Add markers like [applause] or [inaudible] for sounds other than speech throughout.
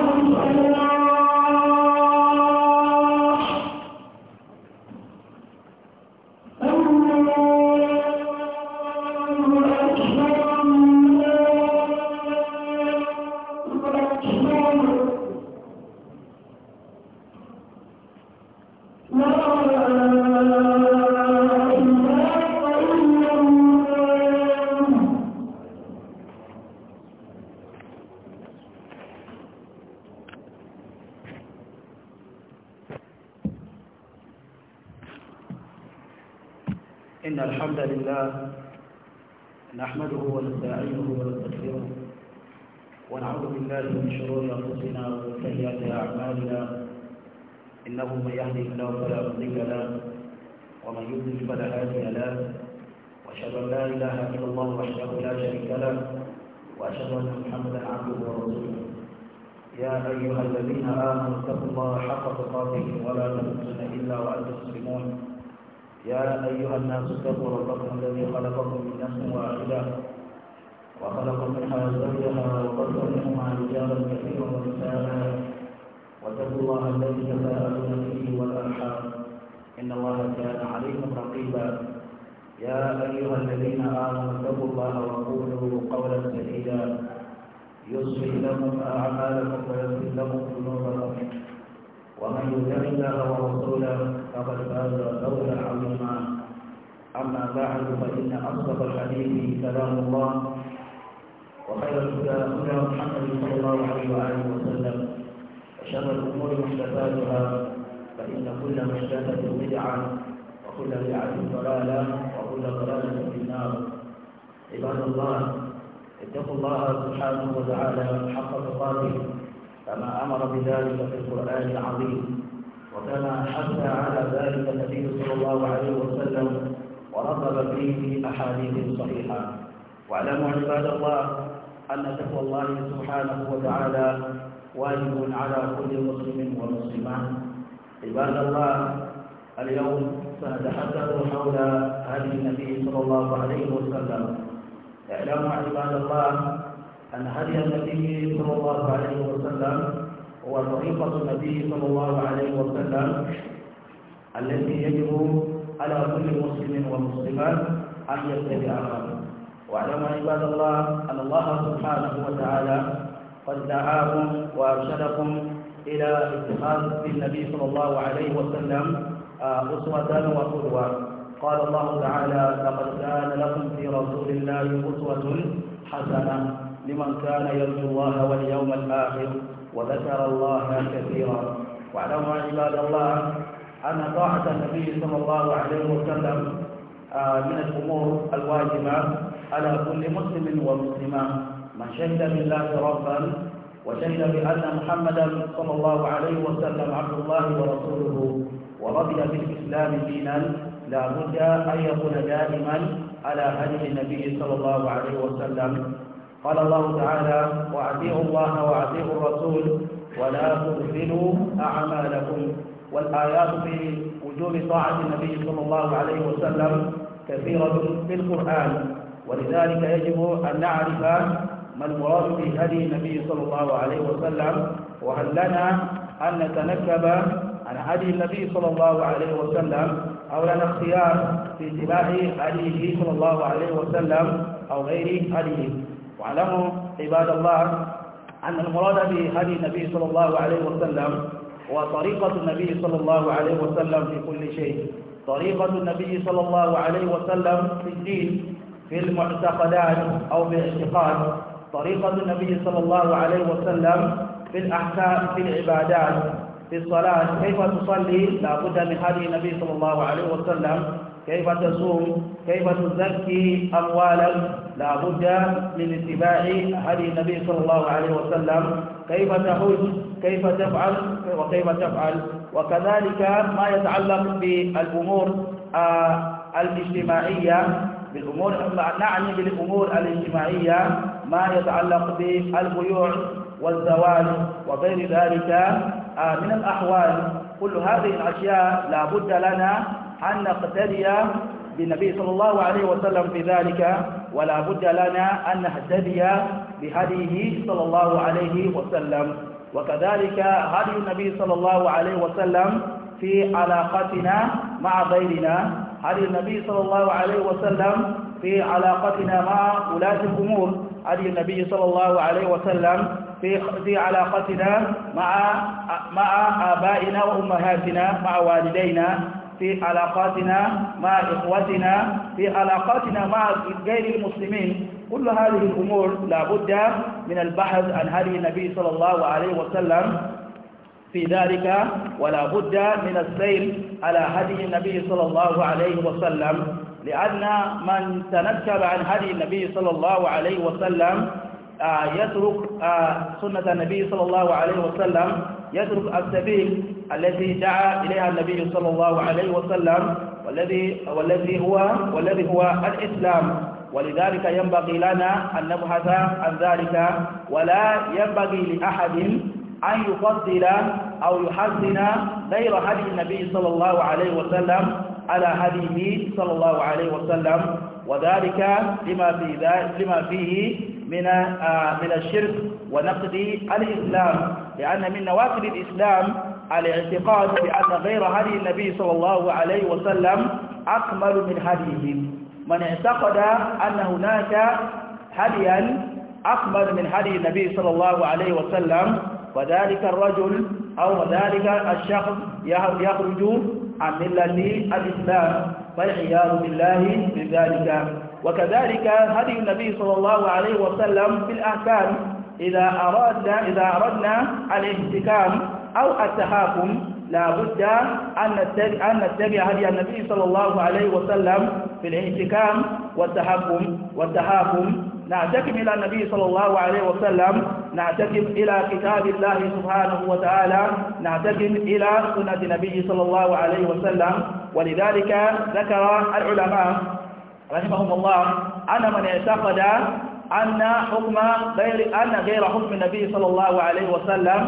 الله واتقوا الله الذي تساءلون به والارحام ان الله كان عليكم رقيبا يا ايها الذين امنوا اتقوا الله وقولوا قولا سديدا يصلح لكم اعمالكم ويغفر لكم ذنوبكم ومن يطع الله ورسوله فقد فاز فوزا عظيما أما بعد فإن أصدق الحديث كلام الله وخير الهدى هدى محمد صلى الله عليه وآله وسلم وشر الأمور محدثاتها فإن كل محدثة بدعة وكل بدعة ضلالة وكل ضلالة في النار عباد الله اتقوا الله سبحانه وتعالى حق تقاته كما أمر بذلك في القرآن العظيم وكما حث على ذلك النبي صلى الله عليه وسلم ورغب فيه في أحاديث صحيحة واعلموا عباد الله أن تقوى الله سبحانه وتعالى واجب على كل مسلم ومسلمة عباد الله اليوم سنتحدث حول هدي النبي صلى الله عليه وسلم اعلموا عباد الله أن هدي النبي صلى الله عليه وسلم هو طريقة النبي صلى الله عليه وسلم التي يجب على كل مسلم ومسلمات أن يتبعها واعلموا عباد الله أن الله سبحانه وتعالى قد دعاكم وأرشدكم إلى اتخاذ النبي صلى الله عليه وسلم آه، أسوة وقدوة قال الله تعالى لقد كان لكم في رسول الله أسوة حسنة لمن كان يرجو الله واليوم الآخر وذكر الله كثيرا واعلموا عباد الله أن طاعة النبي صلى الله عليه وسلم آه، من الأمور الواجبة على كل مسلم ومسلمة من شهد بالله ربا وشهد بأن محمدا صلى الله عليه وسلم عبد الله ورسوله ورضي بالإسلام دينا لا بد أن يكون دائما على هدي النبي صلى الله عليه وسلم قال الله تعالى وأعطيه الله وأعطيه الرسول ولا تبطلوا أعمالكم والآيات في وجوب طاعة النبي صلى الله عليه وسلم كثيرة في القرآن ولذلك يجب أن نعرف ما المراد بهدي النبي صلى الله عليه وسلم وهل لنا أن نتنكب عن هدي النبي صلى الله عليه وسلم أو لنا اختيار في اتباع هديه صلى الله عليه وسلم أو غير هديه واعلموا عباد الله أن المراد بهدي النبي صلى الله عليه وسلم وطريقة النبي صلى الله عليه وسلم في كل شيء طريقة النبي صلى الله عليه وسلم في الدين في المعتقدات أو في الاعتقاد طريقة النبي صلى الله عليه وسلم في الأحكام في العبادات في الصلاة كيف تصلي لابد من هذه النبي صلى الله عليه وسلم كيف تصوم كيف تزكي أموالك لابد من اتباع هذه النبي صلى الله عليه وسلم كيف تحج كيف تفعل وكيف تفعل وكذلك ما يتعلق بالأمور آه، الاجتماعية بالأمور نعني بالأمور الاجتماعية ما يتعلق بالبيوع والزواج وغير ذلك آه، من الأحوال كل هذه الأشياء لا بد لنا أن نقتدي بالنبي صلى الله عليه وسلم في ذلك ولا بد لنا أن نهتدي بهديه صلى الله عليه وسلم وكذلك هدي النبي صلى الله عليه وسلم في علاقتنا مع غيرنا هدي النبي صلى الله عليه وسلم في علاقتنا مع ولاة الأمور هدي النبي صلى الله عليه وسلم في في علاقتنا مع مع آبائنا وأمهاتنا مع والدينا في علاقاتنا مع إخوتنا في علاقاتنا مع غير المسلمين كل هذه الأمور لابد من البحث عن هدي النبي صلى الله عليه وسلم في ذلك ولا بد من السير على هدي النبي صلى الله عليه وسلم لأن من تنكب عن هدي النبي صلى الله عليه وسلم آه، يترك آه، سنة النبي صلى الله عليه وسلم يترك السبيل الذي دعا إليها النبي صلى الله عليه وسلم والذي والذي هو والذي هو الإسلام ولذلك ينبغي لنا أن نبحث عن ذلك ولا ينبغي لأحد أن يفضل أو يحسن غير هدي النبي صلى الله عليه وسلم على هديه صلى الله عليه وسلم وذلك لما في لما فيه من آه، من الشرك ونقد الإسلام لأن من نواقض الإسلام الاعتقاد بأن غير هدي النبي صلى الله عليه وسلم أكمل من هديه من اعتقد أن هناك هديا أكمل من هدي النبي صلى الله عليه وسلم فذلك الرجل أو ذلك الشخص يخرج عن ملة الإسلام والعياذ بالله من ذلك وكذلك هدي النبي صلى الله عليه وسلم في الأحكام إذا أردنا إذا أردنا الاحتكام أو التحاكم لا بد أن نتبع هدي النبي صلى الله عليه وسلم في الاحتكام والتحكم والتحاكم نعتكم إلى النبي صلى الله عليه وسلم نعتقد إلى كتاب الله سبحانه وتعالى نعتقد إلى سنة النبي صلى الله عليه وسلم ولذلك ذكر العلماء رحمهم الله أن من اعتقد أن حكم غير أن غير حكم النبي صلى الله عليه وسلم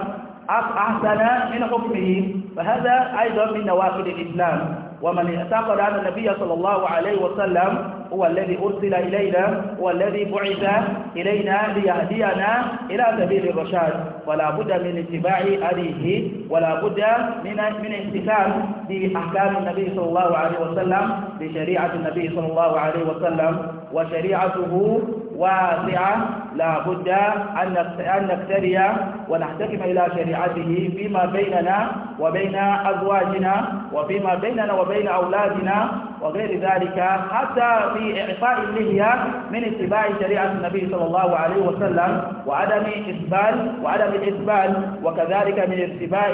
أحسن من حكمه فهذا أيضا من نواقض الإسلام ومن اعتقد أن النبي صلى الله عليه وسلم هو الذي أرسل إلينا هو الذي بعث إلينا ليهدينا إلى سبيل الرشاد ولا بد من اتباع هديه ولا بد من من اهتمام بأحكام النبي صلى الله عليه وسلم بشريعة النبي صلى الله عليه وسلم وشريعته واسعة لا بد أن نقتري ونحتكم إلى شريعته فيما بيننا وبين أزواجنا وفيما بيننا وبين أولادنا وغير ذلك حتى في إعطاء اللحية من اتباع شريعة النبي صلى الله عليه وسلم وعدم إثبال وعدم الإثبال وكذلك من اتباع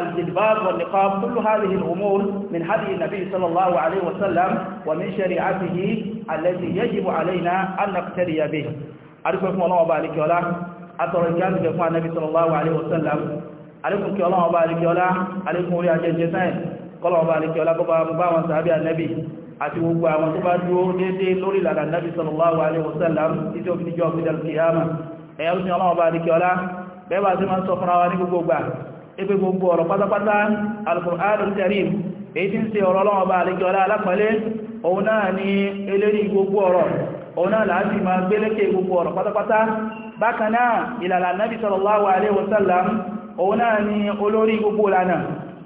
الجلباب والنقاب كل هذه الأمور من هدي النبي صلى الله عليه وسلم ومن شريعته التي يجب علينا أن نقتدي به أرجوكم الله وبارك ولا أترى يقول النبي صلى الله عليه وسلم عليكم كي الله وبارك ولا عليكم يا أجل جزائر kọlọ̀ọ̀bá alẹ́kẹ́ ọlákọ́bá bá wọn sàábí ànẹ́bì àti gbogbo àwọn tó bá dúró dédé lórí ìlànà nẹ́bì sallallahu alaihi wasallam títí ó fi níjọ́ ìdàl kìyàmà ẹ̀yà òsìn ọlọ́ọ̀bá alẹ́kẹ́ ọlá bẹ́ẹ̀ bá sí máa ń òun náà ni olórí gbogbo lánàá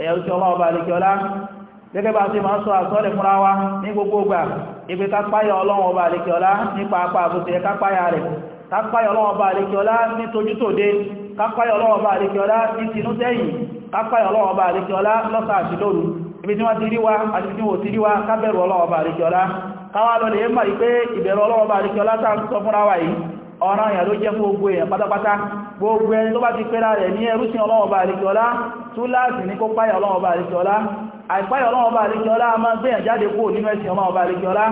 ẹ̀yà oṣù ọlọ́ọ̀bà àlekíọlá gẹ́gẹ́ bá ṣe máa sọ àsọ́lẹ̀ fúnra wa ní gbogbo ìgbà ibi kápáyà ọlọ́ọ̀bà àlekíọlá nípa apá àbúṣe kápáyà rẹ̀ kápáyà ọlọ́ọ̀bà àlekíọlá ní tojútòde kápáyà ọlọ́ọ̀bà àlekíọlá ní tinúsẹ́yìn kápáyà ọlọ́ọ̀bà àlekíọlá lọ́sà àti lóru ibi tí wọ́n ti rí wa àti tí wọ́n ti rí wa kábẹ̀rù ọlọ́ọ̀bà àlekíọlá káwà lọ lè mọ̀ pé ìbẹ̀rù ọlọ́ọ̀bà àlekíọlá tá à ń sọ fúnra wa yìí ọ̀ràn èèyàn ló jẹ́ fún gbogbo èèyàn gbogbo ẹni tó bá ti pẹ́ra rẹ̀ ní ẹrúsìn ọlọ́wọ̀bà àríkíọlá tó láàrín ní kó páyà ọlọ́wọ̀bà àríkíọlá àìpáyà ọlọ́wọ̀bà àríkíọlá a máa gbẹ̀yàn jáde kó nínú ẹ̀sìn ọlọ́wọ̀bà àríkíọlá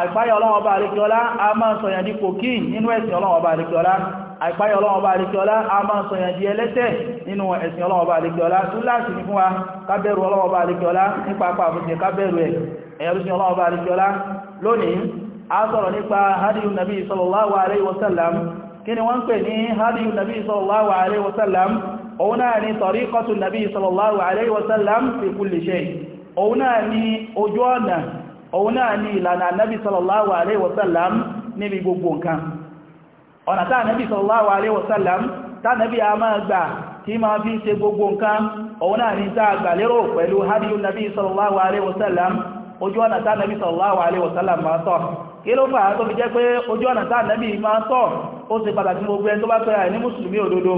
àìpáyà ọlọ́wọ̀bà àríkíọlá a máa sọ̀yàn ní kòkí nínú ẹ̀sìn ọlọ́wọ̀bà àríkíọlá àìpáyà ọlọ́wọ̀bà àríkíọlá a máa sọ̀yàn di ẹlẹ́tẹ̀ nínú ẹ̀sìn ọlọ́wọ̀bà àríkíọlá tó láti ní fún wa kábẹ̀rù ọlọ́wọ̀bà àríkíọlá nípa pàbùsẹ̀ kábẹ̀rù ẹ̀ ẹ̀rùsìn ọlọ́wọ̀bà àríkíọlá lónìí a sọ̀rọ̀ nípa hadiyu nabi sallallahu alaihi wasallam kí ni wọ́n pè ní hadiyu nabi sallallahu alaihi wasallam òun náà ni tariqatu nabi sallallahu alaihi wasallam fi kulli shay òun náà ni ojú ọ̀nà òun náà ni ìlànà nabi sallallahu alaihi wasallam níbi gbogbo nǹkan ọ̀nà táà nabi sallallahu alaihi wasallam táà nabi a máa gbà tí ma fi ṣe gbogbo nǹkan òun náà ní tá gbàlérò pẹ̀lú hadiyu nabi sallallahu alaihi wasallam ojú ọ̀nà tá nabi sallallahu alaihi wasallam ma tọ̀ kí ló fà á tó fi jẹ́ pé ojú ọ̀nà tá nabi ma tọ̀ ó ṣe pàtàkì gbogbo ẹni tó bá pẹ́ra ẹ̀ ní mùsùlùmí òdodo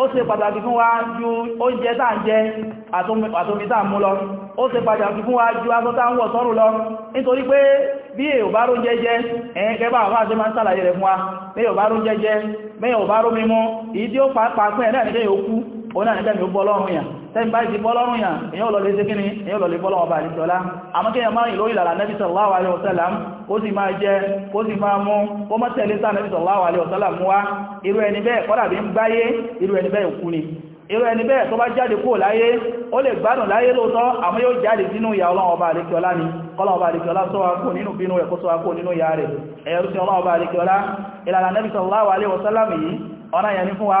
ó ṣe pàtàkì fún wa ju oúnjẹ tá ń jẹ àtomi tá ń mú lọ ó ṣe pàtàkì fún wa ju aṣọ tá ń wọ̀ sọ́rùn lọ nítorí pé bí èyòbá ró jẹ́jẹ́ ẹ̀yìn kẹbà àwọn àti máa ń sàlàyé rẹ̀ fún wa mẹ́yòbá ró jẹ́jẹ́ mẹ́yòbá ró mímú ìdí òun náà nítẹ́mì ó bọ́lọ́rùn yà tẹ́mì báyìí ti bọ́lọ́rùn yà èyàn ò lọ lè ṣe kíni èyàn ò lọ lè bọ́lọ́rùn bá àdìsọ́lá àmọ́kẹ́yàn máa ìlórí ìlànà Nabi sallallahu alaihi wasallam ó sì máa jẹ ó sì máa mú ó mọ́ tẹ̀lé sáà Nabi sallallahu alaihi wasallam wá irú ẹni bẹ́ẹ̀ kọ́dà bí ń gbáyé irú ẹni bẹ́ẹ̀ kú ni irú ẹni bẹ́ẹ̀ tó bá jáde kúrò láyé ó lè gbádùn láyé lóòtọ́ àmọ́ yóò jáde sínú ìyà ọlọ́run ọba àríkíọlá ni kọ́lọ̀ ọba àríkíọlá sọ wá kúrò nínú bínú ẹ̀kọ́ sọ wá kúrò nínú ìyà rẹ̀ ẹ̀yẹrú sí ọlọ́run ọba àríkíọlá ìlànà Nabi sallallahu alaihi wasallam yìí ọ̀nà yẹn ni fún wa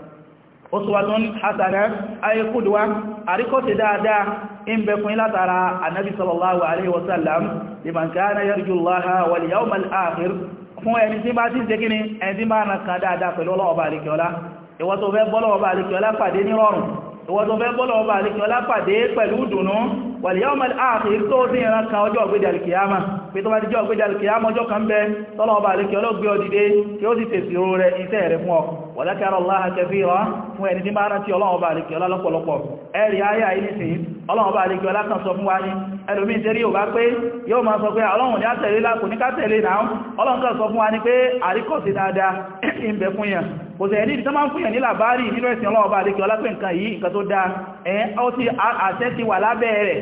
uswatun hasana ay qudwa àríkọ́ṣe dáadáa in bẹ fún látara annabi sallallahu alaihi wasallam liman kana yarju allaha wal yawmal akhir fún ẹni tí bá ti ṣe kíni ẹni tí bá na kan dáadáa pẹ̀lú Ọlọ́run ba àríkọ́lá ìwọ tó fẹ́ bọ́lọ́run ba àríkọ́lá pàdé wàlìyàwó ààfihì tó sí ìran kan ọjọ́ ọ̀gbẹ́dẹ̀ alìkìyàmà pé tó bá ti jẹ́ ọ̀gbẹ́dẹ̀ alìkìyàmà ọjọ́ kan bẹ tọ́lọ ọba alìkì ọlọ́gbẹ́ ọdìdé tí ó sì tèsì rú rẹ iṣẹ́ rẹ fún ọ wàlákàrà aláha kẹfìrọ fún ẹni tí máa rántí ọlọ́ọba alìkì ọlá lọ́pọ̀lọpọ̀ ẹ̀rì ayá ilé sí ẹlòmí ìṣẹ́rí ò bá pé yóò máa sọ pé ọlọ́run ní àtẹ̀lé lákò ní kátẹ̀lé náà ọlọ́run kan sọ fún wa ní pé àríkọ̀sí dáadáa ìbẹ̀ [clears throat] fún yàn kò sẹ̀ ní ìdíjọ́ máa ń fún yàn ní làbárì nínú ẹ̀sìn ọlọ́ọ̀bá àríkẹ́ ọlápẹ́ nǹkan yìí nǹkan tó dáa ẹ̀ ọ́ ti àṣẹ ti wà lábẹ́ rẹ̀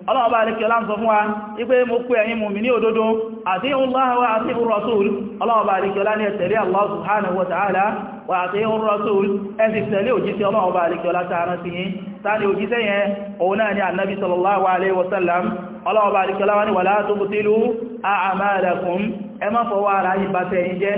ọlọ́ọ̀bá alẹ́kẹ́ láǹsọ fún wa ipé mo pé ẹ̀yin mùmínì òdodo àti ìhùnláhàwà àti ìhùnrọ̀sùl ọlọ́ọ̀bá alẹ́kẹ́ lá ní ẹ̀tẹ̀lẹ́ Allah subhanahu wa ta'ala wà àti ìhùnrọ̀sùl ẹ̀sì tẹ̀lé òjíṣẹ́ ọlọ́ọ̀bá alẹ́kẹ́ látàrán sí yìí tàbí òjíṣẹ́ yẹn òun náà ni annabi sallallahu alaihi wasallam ọlọ́ọ̀bá alẹ́kẹ́ láwá ní wala tubtilu a'malakum ẹ má fọwọ́ ara yìí bá tẹ̀yìn jẹ́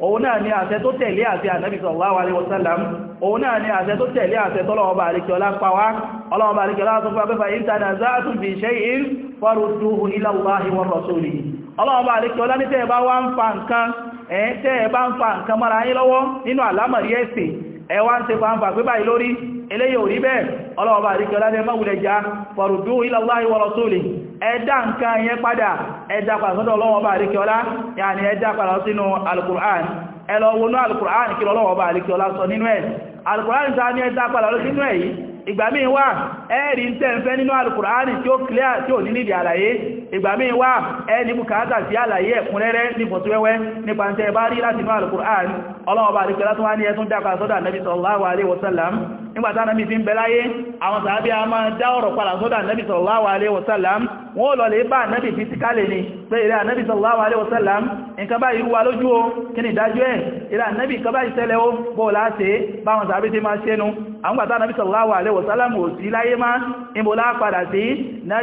òun náà ni àṣẹ tó tẹ̀lé àṣẹ Ànábì sallallahu alaihi wasallam òun náà ni àṣẹ tó tẹ̀lé àṣẹ tọ́lọ́ọ̀bà àríkẹ́ọlá pàwá ọlọ́ọ̀bà àríkẹ́ọlá tó fẹ́ fẹ́ in tanaza'tum fi shay'in ẹwà ń ṣe fàánfà pé báyìí lórí eléyìí ò rí bẹ́ẹ̀ ọlọ́ọ̀bá àríkẹ́ ọlọ́dẹ mọ́wulẹ̀ já fọ̀rùdú ilallahi wa rasuli ẹ̀dá nǹkan yẹn padà ẹ̀dá padà sọ́dọ̀ ọlọ́ọ̀bá àríkẹ́ ọlá ìgbà míì wà ẹ́ẹ̀rí tẹ́ẹ̀fẹ́ nínú alùkùránì tí ó clear tí ò ní nídìí àlàyé ìgbà míì wà ẹ́ẹ̀ní bùkátà sí àlàyé ẹ̀kúnrẹ́rẹ́ nígbọ̀n tí wẹ́wẹ́ nípa tẹ́ẹ̀ bá rí láti inú alùkùránì ọlọ́ọ̀bá àríkẹ́lá tó wá ní ẹ̀tún nígbàtí anábi ti ń bẹ̀láyé àwọn sàábí a máa dá ọ̀rọ̀ padà sódà nábi sallallahu alaihi wasallam wọ́n lọ lè bá nábi fi ti kálẹ̀ ni pé ìrẹ́ ànábi sallallahu alaihi wasallam nǹkan bá ìrúwa lójú o kí ni ìdájú ẹ̀ ìrẹ́ ànábi nǹkan bá ìṣẹ́lẹ̀ o bó láṣe báwọn sàábí ti ò sí láyé má ìbòlá padà sí náà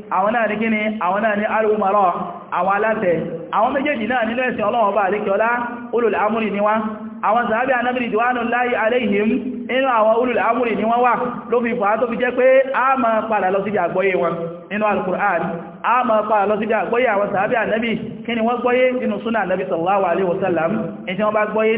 àwọn náà ní kíni àwọn náà ní alùmọ̀rọ̀ àwọn aláṣẹ àwọn méjèèjì náà nílẹ̀ ẹ̀sìn ọlọ́wọ́ bá àríkẹ́ọlá ulul amri ni wá àwọn sàábí anábìrì ìdíwánù láyé aléhìm inú àwọn ulul amri ni wọ́n wà ló fi fàá tó fi jẹ́ pé a máa padà lọ síbi àgbọ́yé wọn inú al-Qur'an a máa padà lọ síbi àgbọ́yé àwọn sàábí anábì kí ni wọ́n gbọ́yé inú súnà anábì sallallahu alaihi wasallam in tí wọ́n bá gbọ́yé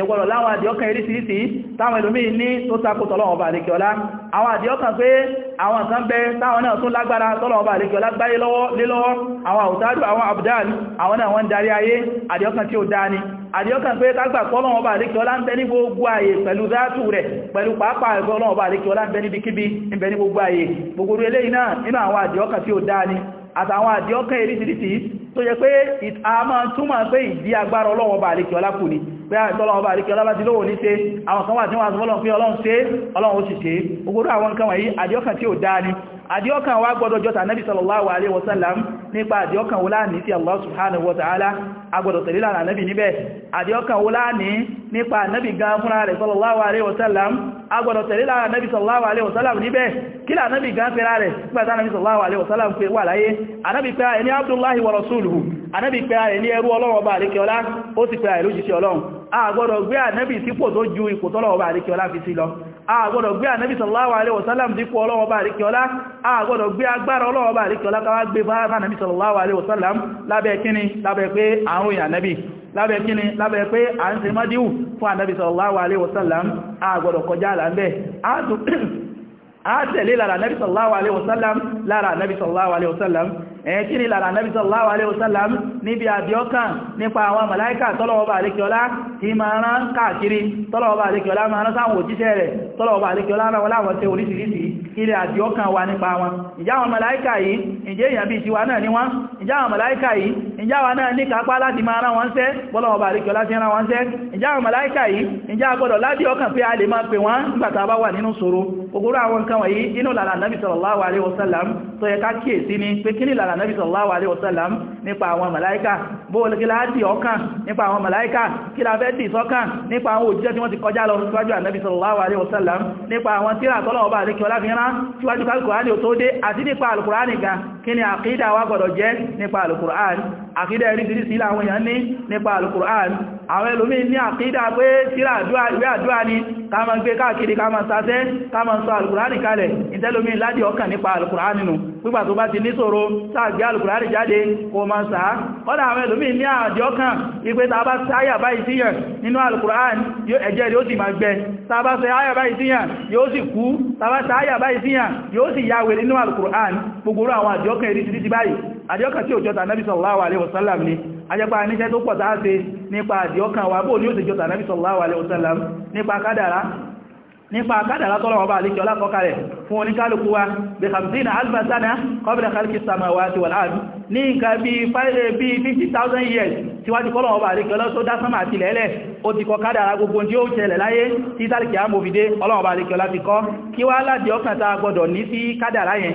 ẹ̀wọ̀rọ̀ láwọn àdíọ́kàn eríṣìíṣìí táwọn ìlúmí ní tó takò tọ́lọ́wọ̀bà àríkẹ́ọlá àwọn àdíọ́kàn pé àwọn kan bẹ táwọn náà tún lágbára tọ́lọ́wọ̀bà àríkẹ́ọlá gbáyé lélọ́wọ́ àwọn àwòtárù àwọn àbùdáàlì àwọn náà wọ́n darí ayé àdíọ́kàn tí ó dáa ni àdíọ́kàn pé kágbà pọ́lọ́wọ́n bá àríkẹ́ ọlá ń bẹ ní gbogbo ààyè pẹ̀lú záàtù rẹ̀ pẹ̀lú pàápàá ẹ̀kọ́ ọlọ́wọ́n bá àríkẹ́ ọlá ń bẹ níbi kíbi ń bẹ ní gbogbo ààyè gbogbo eléyìí náà nínú àwọn àdíọ́kàn tí ó dáa ni àtàwọn àdíọ́kàn eríṣìíṣìí tó yẹ pé a máa túnmà pé ìdí agbára ọlọ́wọ́ bá àríkẹ́ ọlá kù ní pé àìtọ́lọ́wọ́ bá àríkẹ́ ọlá bá ti lówó ní ṣe àwọn kan wà tí wọ́n sọ fọ́lọ́n pé ọlọ́run ṣe ọlọ́run ó sì ṣe ogoro àwọn nǹkan wọ̀nyí àdíọ́kàn tí ó dáa ni àdíọ́kàn wa gbọdọ̀ jọta nábi sallallahu alaihi wasallam nípa àdíọ́kàn wọlá ní ti Allah subhanahu wa ta'ala agbọdọ̀ tẹ̀lé lànà nábi níbẹ̀ àdíọ́kàn wọlá ní nípa nábi gan fúnra rẹ̀ sallallahu alaihi wasallam agbọdọ̀ tẹ̀lé lára nẹ́bí sallallahu alaihi wasallam níbẹ̀ kí là nẹ́bí gan pẹ̀lá rẹ̀ pẹ̀lá nẹ́bí sallallahu alaihi wasallam pẹ̀ wà láyé anábì pẹ̀lá ẹni abdullahi wa rasuluhu anábì pẹ̀lá ẹni ẹrú ọlọ́run ọba àríkẹ́ọlá ó sì pẹ̀lá ìlú jíṣẹ́ ọlọ́run agbọdọ̀ gbé àgbọ́dọ̀ gbé ànábì sallallahu alaihi wasallam dípò ọlọ́wọ́ bá àríkẹ́ọlá àgbọ́dọ̀ gbé agbára ọlọ́wọ́ bá àríkẹ́ọlá káwà gbé bá ànábì sallallahu alaihi wasallam lábẹ́ kíni lábẹ́ pé àwọn èèyàn ànábì lábẹ́ kíni lábẹ́ pé à ń a tẹ̀lé lára nabi sallallahu alaihi wasallam lára nabi sallallahu alaihi wasallam ẹ̀kí ni lára nabi sallallahu alaihi wasallam níbi àbíọ́kàn nípa àwọn màláíkà tọ́lọ̀wọ́bà alékiọlá kí ma rán káàkiri tọ́lọ̀wọ́bà alékiọlá ma rán sáwọn òjíṣẹ́ rẹ̀ tọ́lọ̀wọ́bà alékiọlá rán wọ́n tẹ oríṣìíríṣìí ilẹ̀ àdíọ́kàn wa nípa wọn ìjá àwọn màláíkà yìí ìjẹ́ èèyàn bí tiwa náà ni wọ́n ìjá àwọn màláíkà yìí ìjá wa náà ní kápá láti máa rán wọn ṣẹ́ bọ́lọ̀wọ̀ bá ríkẹ́ láti rán wọn ṣẹ́ ìjá àwọn màláíkà yìí ìjá agbọ́dọ̀ ládíọ́kàn sallallahu alaihi wasallam tó yẹ ká kíyèsí ni pé kí ni ìlànà Nabi sallallahu alaihi wasallam nípa àwọn màláíkà bóòlù kí láti ọkàn nípa àwọn màláíkà kí la fẹ́ dì sọ́kàn nípa àwọn òjíṣẹ́ tí wọ́n ti kọjá lọ síwájú Nabi sallallahu alaihi wasallam nípa àwọn tíra tọ́lọ̀ ọba àríkẹ́ ọláfihàn síwájú kálùkùránì ò tó dé àti nípa alùkùránì gan kí ni àkídà wa gbọ́dọ̀ jẹ́ nípa alùkùránì àkídà ẹ̀ríṣìíríṣìí láwọn èèyàn ní nípa alùkùránì àwọn ẹlòmí ní àkídà pé tíra ìwé àdúrà ni ká máa gbé káàkiri ká máa sáṣẹ́ ká máa sọ alùkùránì kalẹ̀ ìtẹ́lòmí ládìí ọkàn nípa alùkùránì nù pípà tó bá ti níṣòro sáàgbé alùkùránì jáde kò máa sàá kọ́dà àwọn ẹlòmí ní àjọ́ kan ipé ta bá sáyà báyìí síyàn nínú alùkùránì ẹ̀jẹ̀ yóò sì máa gbẹ ta bá sáyà báyìí síyàn yóò sì kú ta bá sáyà báyìí síyàn yóò sì yáwé nínú alùkùránì gbogbo àwọn àjọ́ kan eréṣiríṣi báyìí àjọ́ kan tí ò jọta Nábì sallallahu alaihi wasallam ni ajẹ́pá níṣẹ́ tó pọ̀ tàá ṣe nípa àdíọ́kàn wà bóò ní ó sì jọta Nábì sallallahu alaihi wasallam nípa kádàrá nípa kádàrá tọ́lọ̀wọ̀ bá àlíkẹ́ ọlápọ̀kalẹ̀ fún oníkálùkú wa bí kàmsínà albasana kọbílẹ̀ kálùkì samawati wal ard ní nǹkan bí 50,000 years tíwájú kọ́lọ̀wọ̀ bá àlíkẹ́ ọlọ́tọ́ dásánmà àti lẹ́lẹ̀ ó ti kọ kádàrá gbogbo tí ó ṣẹlẹ̀ láyé tí tálìkì àmòfidé ọlọ́wọ̀ bá àlíkẹ́ ọlá ti kọ kí wá láti ọkàn tá gbọdọ̀ ní sí kádàrá yẹn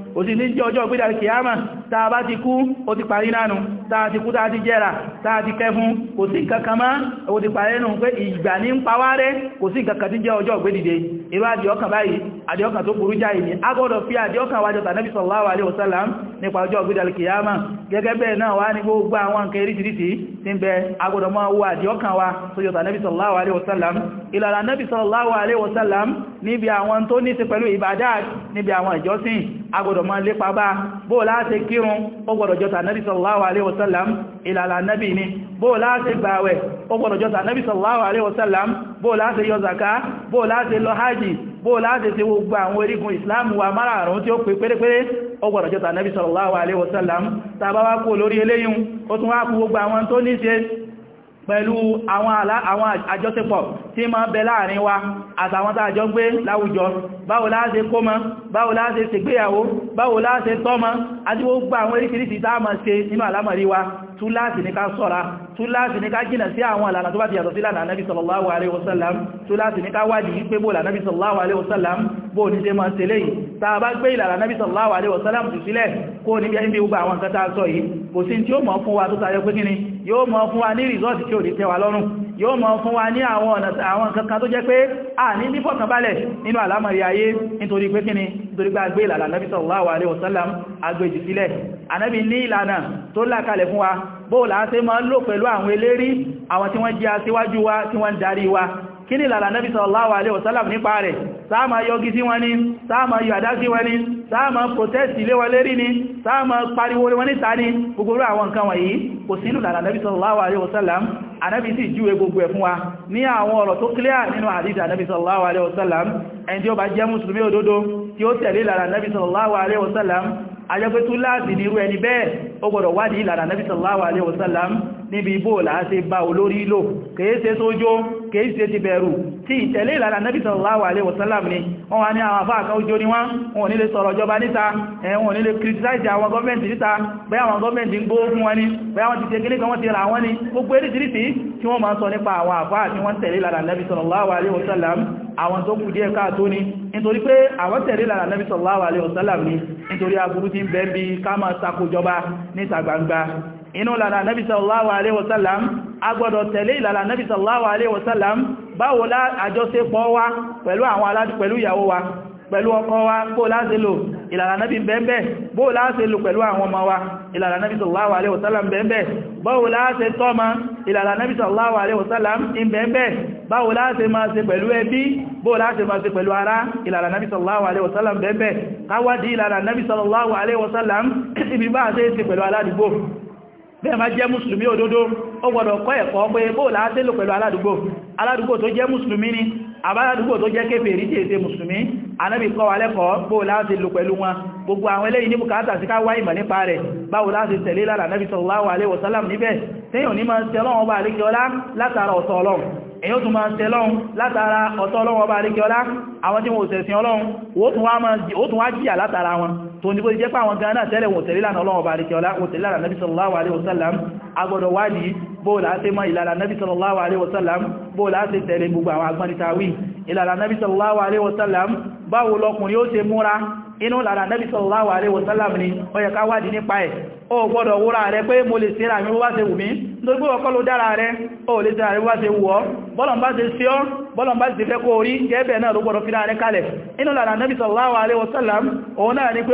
kò sí ní jẹ́ ọjọ́ ìgbédà kìyàmà tàà bá ti kú ó ti parí nánu tàà ti kú tàà ti jẹ́ra tàà ti kẹfún kò sí kankan má ó ti parí nù pé ìgbà ní ń pawá rẹ kò sí kankan tí jẹ́ ọjọ́ ìgbédìde irú àdíọ́kàn báyìí àdíọ́kàn tó burú jáì ní agbọ́dọ̀ fi àdíọ́kàn wájọ tànàbí wa tó yọ tànàbí sallallahu alaihi wasallam ìlànà nàbí sallallahu alaihi wasallam níbi àwọn tó ní ṣe pẹ̀lú ìbádà níbi àwọn ìjọsìn agbọ́dọ̀ máa lépa bá bóò láti kírun ó gbọ́dọ̀ jọta nabi sallallahu alaihi wasallam ìlàlà nabi ni bóò láti gbàwẹ̀ ó gbọ́dọ̀ jọta nabi sallallahu alaihi wasallam bóò láti yọ zaka bóò láti lọ hajji bóò láti ti gbogbo àwọn orígun islam wa márààrún tí ó pè pérépéré ó gbọ́dọ̀ jọta nabi sallallahu alaihi wasallam tàbá wá kú lórí eléyìn ó tún wá kú gbogbo àwọn tó ní pẹ̀lú àwọn àjọṣepọ̀ tí ma bẹ láàrin wa àtàwọn tàà jọ gbé láwùjọ báwo la ṣe kó mọ́ báwo la ṣe ṣègbéyàwó báwo la ṣe tọ́mọ́ àti gbogbo àwọn eréṣìíríṣìí tá máa ṣe nínú àlámọ̀rí wa túláàsì ní ká ṣọ́ra túláàsì ní ká jìnà sí àwọn ìlànà tó bá ti yàtọ̀ sí ìlànà anábì sallallahu alaihi wasallam túláàsì ní ká wádìí pé bóòlà anábì sallallahu alaihi wasallam bóò ní ṣe máa ń tẹ̀lé yìí tá bá gbé ìlànà anábì sallallahu alaihi wasallam jù sílẹ̀ kó níbi ẹni bí gbogbo àwọn nǹkan tá a sọ yìí kò sí tí ó mọ̀ yóò mọ fún wa ní rìsọ́ọ̀tì tí ò ní tẹ́wà lọ́rùn yóò mọ fún wa ní àwọn kankan tó jẹ́ pé a ní nífọ̀kànbalẹ̀ nínú àlámọ̀rí ayé nítorí pé kíni nítorí pé agbé ìlànà Ànábì sallallahu alaihi wasallam agbèjì sílẹ̀ Ànábì ní ìlànà tó lákalẹ̀ fún wa bóòlà á ṣe máa ń lò pẹ̀lú àwọn elérí kí ni ìlànà Nabi sallallahu alaihi wasallam nípa rẹ̀ sáàmà yọgí sí wọn ni sáàmà yọ àdá sí wọn ni sáàmà protest ilé wọn lérí ni sáàmà pariwo wọn níta ni gbogbo àwọn nǹkan wọ̀nyí kò sínú ìlànà Nabi sallallahu alaihi wasallam anábi sì júwe gbogbo ẹ̀ fún wa ní àwọn ọ̀rọ̀ tó clear nínú àdíjà anábi sallallahu alaihi wasallam ẹni tí ó bá jẹ́ mùsùlùmí òdodo tí ó tẹ̀lé ìlànà anábi sallallahu alaihi wasallam ajẹ́pẹ́tú láti nírú ẹni bẹ́ẹ̀ ó gbọ́dọ̀ wádìí ìlànà Nabi sallallahu alaihi wasallam níbi ibò láti bá olórí lò kèése tó jó kèése ti bẹ̀rù tí ìtẹ̀lé ìlànà Nabi sallallahu alaihi wasallam ni wọ́n wá ní àwọn afáàkà ojú ní wọ́n wọ́n nílé sọ̀rọ̀ ìjọba níta ẹ̀wọ̀n nílé criticize àwọn gọ́ọ̀mẹ́ntì níta bẹ́ àwọn gọ́ọ̀mẹ́ntì ń gbówó fún wọn ni bẹ́ àwọn ti ṣe kíní kan wọ́n ti ra wọn ni gbogbo eréjìrìsì tí wọ́n máa sọ nípa àwọn àfáà tí wọ́n tẹ̀lé ìlànà Nabi sallallahu alaihi wasallam àwọn tó kù díẹ̀ káàtó ni nítorí pé àwọn tẹ̀lé ìlànà Nabi sallallahu alaihi wasallam ni nítorí aburú tí ń bẹ bí ká máa takojọba níta gbangba inú lànà Nabi sallallahu alaihi wasallam agbọ́dọ̀ tẹ̀lé ìlànà Nabi sallallahu alaihi wasallam báwo lá àjọṣepọ̀ wa pẹ̀lú àwọn aládùn pẹ̀lú ìyàwó wa pẹ̀lú ọkọ wa bó láti lò ìlànà nábi bẹ́ẹ̀bẹ́ bó láti lò pẹ̀lú àwọn ọmọ wa ìlànà nábi sallallahu alaihi wasallam bẹ́ẹ̀bẹ́ báwo láti tọ́mọ ìlànà nábi sallallahu alaihi wasallam bẹ́ẹ̀bẹ́ báwo láti máa ṣe pẹ̀lú ẹbí bó láti máa ṣe pẹ̀lú ara ìlànà nábi sallallahu alaihi wasallam bẹ́ẹ̀bẹ́ káwádìí ìlànà nábi sallallahu alaihi wasallam [clears throat] ibi bá ṣe ṣe pẹ̀lú aládùúgbò bẹ́ẹ̀ ma jẹ́ mùsùlùmí òdodo ó gbọ́dọ̀ kọ́ ẹ̀kọ́ pé bóò láti lò anábì kọ́ wa lẹ́kọ̀ọ́ bó láti lò pẹ̀lú wọn gbogbo àwọn eléyìí ní bùkátà sí ká wá ìmọ̀ nípa rẹ̀ báwo láti tẹ̀lé lára anábì sallallahu alaihi wasallam níbẹ̀ téèyàn ní máa ń tẹ́lọ́wọ́ bá àríkẹ́ọlá látara ọ̀tọ̀ ọlọ́run èyí ó tún máa ń tẹ́lọ́run látara tó ní bó jẹ́ pé àwọn gan náà tẹ́lẹ̀ wọ́n tẹ̀lé lànà Ọlọ́run bá àríkẹ́ ọlá wọ́n tẹ̀lé lànà Nabi sallallahu alaihi wasallam agbọ́dọ̀ wádìí bóòlá ṣe mọ́ ìlànà Nabi sallallahu alaihi wasallam bóòlá ṣe tẹ̀lé gbogbo àwọn agbọ́nitawí ìlànà Nabi sallallahu alaihi wasallam báwo lọkùnrin ó ṣe múra inú lára nẹ́bí sallallahu alaihi wasallam ni ó yẹ ká wádìí nípa ẹ̀ o gbọ́dọ̀ wúra rẹ pé mo lè síra mi bó bá ṣe wù fẹ́ kó orí gẹ́ẹ̀bẹ̀ náà ló gbọ́dọ̀ fíra rẹ kalẹ̀ inú lára nẹ́bí sallallahu alaihi òun náà ni pé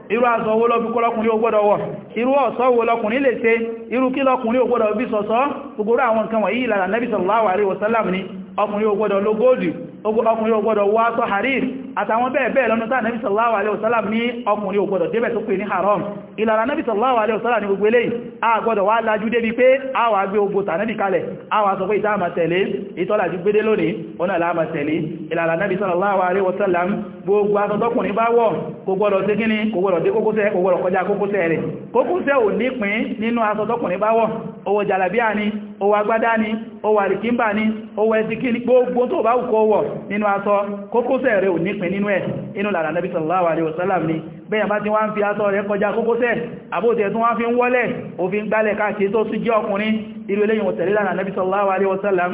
irú aṣọ owó lọ́bí kọ́lọ́kùnrin ó gbọ́dọ̀ wọ̀ irú ọ̀ṣọ́ wo lọ́kùnrin lè ṣe irú kí lọ́kùnrin ó gbọ́dọ̀ bí sọ̀sọ́ gbogbo àwọn nǹkan wọ̀nyí ìlànà Nabi sallallahu alaihi wasallam ni ọkùnrin ó gbọ́dọ̀ lógóòdì ọkùnrin ò gbọdọ̀ wá aṣọ harir àtàwọn bẹ́ẹ̀ bẹ́ẹ̀ lọ́nà tàà nẹ́bí sallallahu alaihi wasallam ní ọkùnrin ò gbọdọ̀ débẹ̀ tó pè ní haram ìlànà nẹ́bí sallallahu alaihi wasallam ní gbogbo eléyìí a gbọdọ̀ wá lajú débi pé a wà gbé ogbò tànẹ́bì kalẹ̀ a wà sọ pé ìta owó jàlàbíà ni owó agbádá ni owó àríkímbà ni gbogbo tó bá wù wọ̀ nínú aṣọ kókósẹ̀ rẹ̀ ò nípin nínú ẹ̀ inú lànà Nabi sallallahu alaihi wasallam ni bẹ́yàn bá ti wá ń fi aṣọ rẹ̀ kọjá kókósẹ̀ àbóòtẹ̀ tún wá fi ń wọ́lẹ̀ òfin gbálẹ̀ káàkiri tó sí jẹ́ ọkùnrin irú eléyìn òtẹ̀lé lànà Nabi sallallahu alaihi wasallam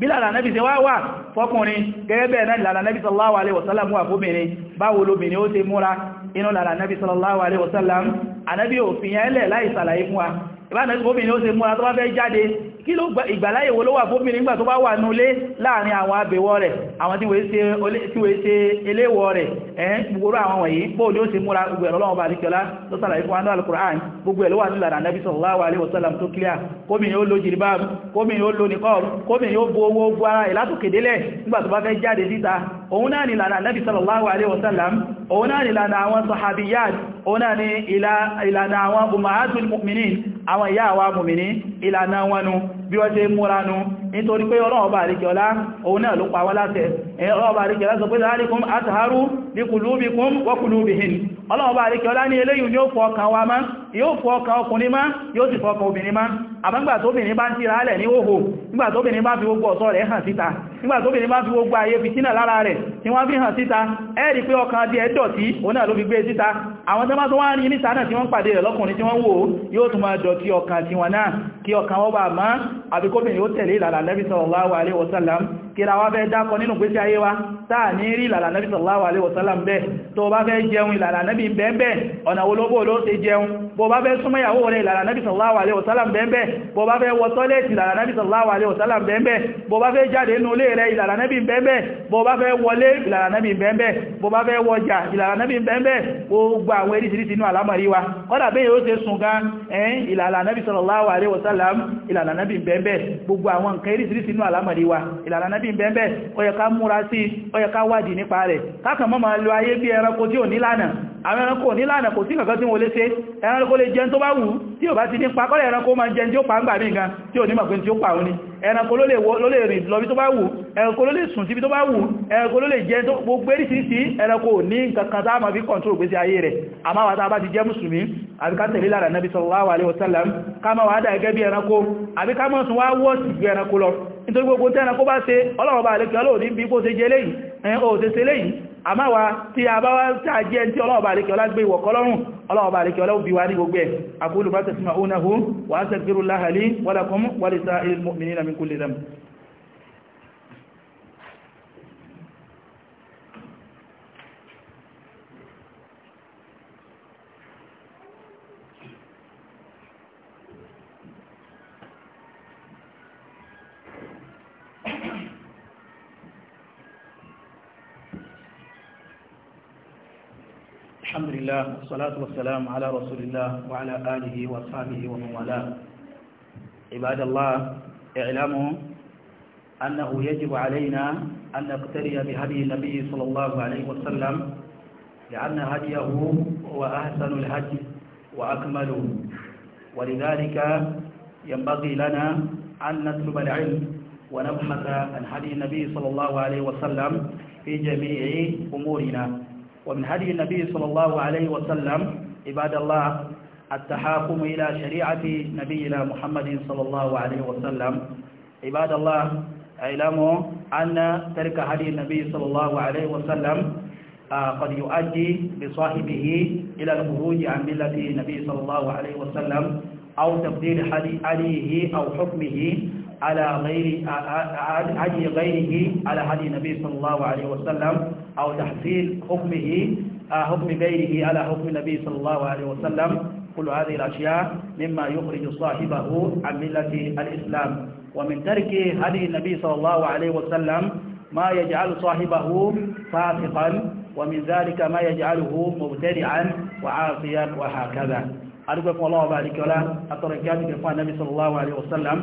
bí lànà nẹ́bí ṣe wá wà fọ́kùnrin gẹ́gẹ́ bẹ́ẹ̀ náà lànà nẹ́bí sallallahu alaihi wasallam wà fóbìnrin báwo lóbìnrin ó ti múra inú lànà nẹ́bí sallallahu alaihi wasallam ànẹ́bí òfin ẹlẹ̀ láì sàlàyé fún wa ìbánàbí obìnrin ó ṣe múra tó bá fẹ́ jáde kí ló ìgbàláyè wo ló wà fóbìnrin nígbà tó bá wà núlé láàrin àwọn abèwọ́ rẹ̀ àwọn tí wèé ṣe eléwọ́ rẹ̀ ẹ̀yìn gbogbo àwọn wọ̀nyí bóòlù ó ṣe múra gbogbo ẹ̀rọ lọ́wọ́ bá ní kẹlá tó sàlàyé fún anúwà al-Qur'an gbogbo ẹ̀lọ́wà ní ìlànà Nabi sallallahu alaihi wasallam tó kílíà kómìnrin ó lo jìlbáb kómìnrin ó lo nìkọ́ọ̀bù kómìnrin ó bo owó bu ara ìlátòkèdélẹ̀ nígbà tó bá fẹ́ jáde síta òun àwọn ìyá wa mùmìní ìlànà wọnú bí wọ́n ṣe múranú nítorí pé ọlọ́ọ̀bà àríkẹ́ọlá òun náà ló pa wọ́n láti ọlọ́ọ̀bà àríkẹ́ọlá sọ pé láàrínkún àtàárù ní kùlúbìkún wọ́kùlúbìhìn ọlọ́wọ́ bá àríkẹ́ ọlá ní eléyìn ni ó fọ ọkàn wa má yóò fọ ọkàn ọkùnrin má yóò sì fọ ọkàn obìnrin má àmọ́gbà tóbìnrin bá ń tíra alẹ̀ ní òhò nígbà tóbìnrin bá fi gbogbo ọ̀tọ́ rẹ̀ hàn síta nígbà tóbìnrin bá fi gbogbo ayé fi sínà lára rẹ̀ tí wọ́n fi hàn síta ẹ́ẹ̀rí pé ọkàn di ẹ̀dọ̀tí òun náà ló fi gbé e síta àwọn tó tó wá ní níta náà tí wọ́n pàdé rẹ̀ lọ́kùnrin tí wọ́n wò yóò tún máa dọ̀tí ọkàn tiwọn náà kí ọkàn wọ́n bá mọ́ àbíkóbìnrin ó tẹ̀lé ìlànà Nabi sallallahu alaihi wasallam kíra wá fẹ́ dákọ nínú gbésí ayé wa táà ní rí ìlànà Nabi sallallahu alaihi wasallam bẹ́ẹ̀ tó bá fẹ́ jẹun ìlànà Nabi ànábì bẹ́ẹ̀bẹ́ ọ̀nà olóbó ló ti jẹun bó bá fẹ́ súnmọ́ ìyàwó rẹ̀ ìlànà nábì sallallahu alaihi wasallam bẹ́ẹ̀bẹ́ bó bá fẹ́ wọ tọ́lẹ̀tì ìlànà nábì sallallahu alaihi wasallam bẹ́ẹ̀bẹ́ bó bá fẹ́ jáde nínú ilé rẹ̀ ìlànà nábì bẹ́ẹ̀bẹ́ bó bá fẹ́ wọlé ìlànà nábì bẹ́ẹ̀bẹ́ bó bá fẹ́ wọjà ìlànà nábì bẹ́ẹ̀bẹ́ gbogbo àwọn eríṣiríṣi inú àlámọ̀rí wa kọ́dà bẹ́ẹ̀ yóò ṣe sùn gan ẹ̀yìn ìlànà nábì sallallahu alaihi wasallam ìlànà nábì bẹ́ẹ̀bẹ́ gbogbo àwọn nǹkan eríṣiríṣi inú àlámọ̀rí wa ìlànà nábì bẹ́ẹ̀bẹ́ ó yẹ ká múra sí ó yẹ ká wádìí nípa rẹ̀ kákan mọ́ máa lo ayé bí ẹranko àwọn ẹranko ní lánàá kò sí kankan tí wọ́n lé ṣe ẹranko lè jẹun tó bá wù tí ò bá ti ní pa kọ́lẹ̀ ẹranko máa jẹun tí ó pa ń gbà mí nǹkan tí ò ní mọ̀ pé tí ó pa òní ẹranko ló lè rìn lọ bí tó bá wù ẹranko ló lè sùn síbi tó bá wù ẹranko ló lè jẹ tó gbogbo eríṣiríṣi ẹranko ní nǹkan tá máa fi kọ̀ntúrò gbésí ayé rẹ̀ alaihi wasallam ká máa wà dá gẹ́gẹ́ bí ẹranko àbí ká máa sùn wá wọ́ọ̀sì bí ẹranko lọ nítorí gbogbo tẹ́ranko bá ṣe ọlọ́run bá àlekẹ́ ọlọ́run ní bí kó ṣe jẹ́ lẹ́yìn ẹ̀ ò ṣe àmáwa tí a bá wá tí a jẹ́ tí ọlọ́ọ̀bà àríkẹ́ ọlá gbé ìwọ̀kọ́ lọ́rùn ọlọ́ọ̀bà àríkẹ́ ọlá òbí wa ní gbogbo ẹ̀ aqulu ma tasma'unahu wa astaghfirullaha li wa lakum wa lisa'iril mu'minina min kulli dhanb الحمد لله والصلاة والسلام على رسول الله وعلى آله وصحبه ومن والاه عباد الله اعلموا أنه يجب علينا أن نقتري بهدي النبي صلى الله عليه وسلم لأن هديه هو أحسن الهدي وأكمله ولذلك ينبغي لنا أن نطلب العلم ونبحث عن هدي النبي صلى الله عليه وسلم في جميع أمورنا ومن هدي النبي صلى الله عليه وسلم عباد الله التحاكم إلى شريعة نبينا محمد صلى الله عليه وسلم عباد الله اعلموا أن ترك هدي النبي صلى الله عليه وسلم آه، قد يؤدي بصاحبه إلى الخروج عن ملة النبي صلى الله عليه وسلم أو تبديل هديه أو حكمه على غير هدي غيره على هدي النبي صلى الله عليه وسلم أو تحصيل حكمه حكم غيره على حكم النبي صلى الله عليه وسلم كل هذه الأشياء مما يخرج صاحبه عن ملة الإسلام ومن ترك هدي النبي صلى الله عليه وسلم ما يجعل صاحبه فاسقا ومن ذلك ما يجعله مبتدعا وعاصيا وهكذا أرجوكم الله وبارك ولا أتركاتك فان النبي صلى الله عليه وسلم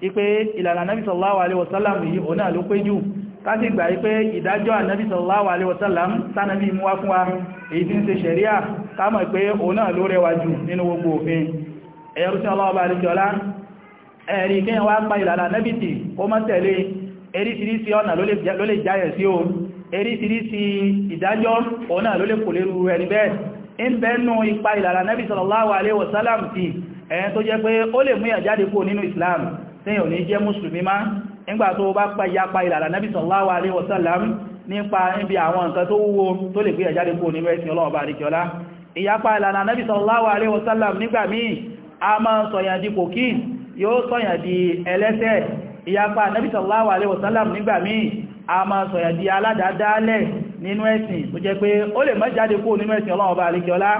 ipé ìlànà Ànábì sallallahu alaihi wasallam yìí òun náà ló pé jù káti gbà ipé ìdájọ́ Ànábì sallallahu alaihi wasallam tánàbí mú wá fún wa èyí tí ń ṣe ṣẹ̀ríà kámọ̀ pé òun náà ló rẹwà jù nínú gbogbo òfin ẹ̀yẹrú sí ọlọ́ọ̀bá alẹ́kọ̀ọ́lá ẹ̀rí kí wá pa ìlànà Ànábì tì kó mọ́ tẹ̀lé eríṣiríṣi ọ̀nà ló lè jáyẹ̀ sí o eríṣiríṣi ìdájọ́ òun náà ló lè kò lérú ẹni bẹ́ẹ̀ ń bẹ́ẹ̀nù ipa ìlànà Ànábì sallallahu alaihi wasallam tì ẹ̀yẹn tó jẹ́ pé ó lè mú ìyàjáde kò nínú Islam tẹ́yìn ò ní jẹ́ mùsùlùmí má nígbà tó bá pa ìyapa ìlànà nẹ́bí sallallahu alaihi wasallam nípa níbi àwọn nǹkan tó wúwo tó lè gbé ẹ̀jáde kúrò nínú ẹ̀sìn ọlọ́run bá ìyapa ìlànà nẹ́bí sallallahu alaihi wasallam nígbà míì a máa sọ̀yàn di kòkí yóò sọ̀yàn di ẹlẹ́sẹ̀ sallallahu alaihi wasallam nígbà míì a máa sọ̀yàn di nínú ẹ̀sìn tó jẹ́ pé ó lè má jáde kó nínú ẹ̀sìn ọlọ́ọ̀bá àríkẹ́ọlá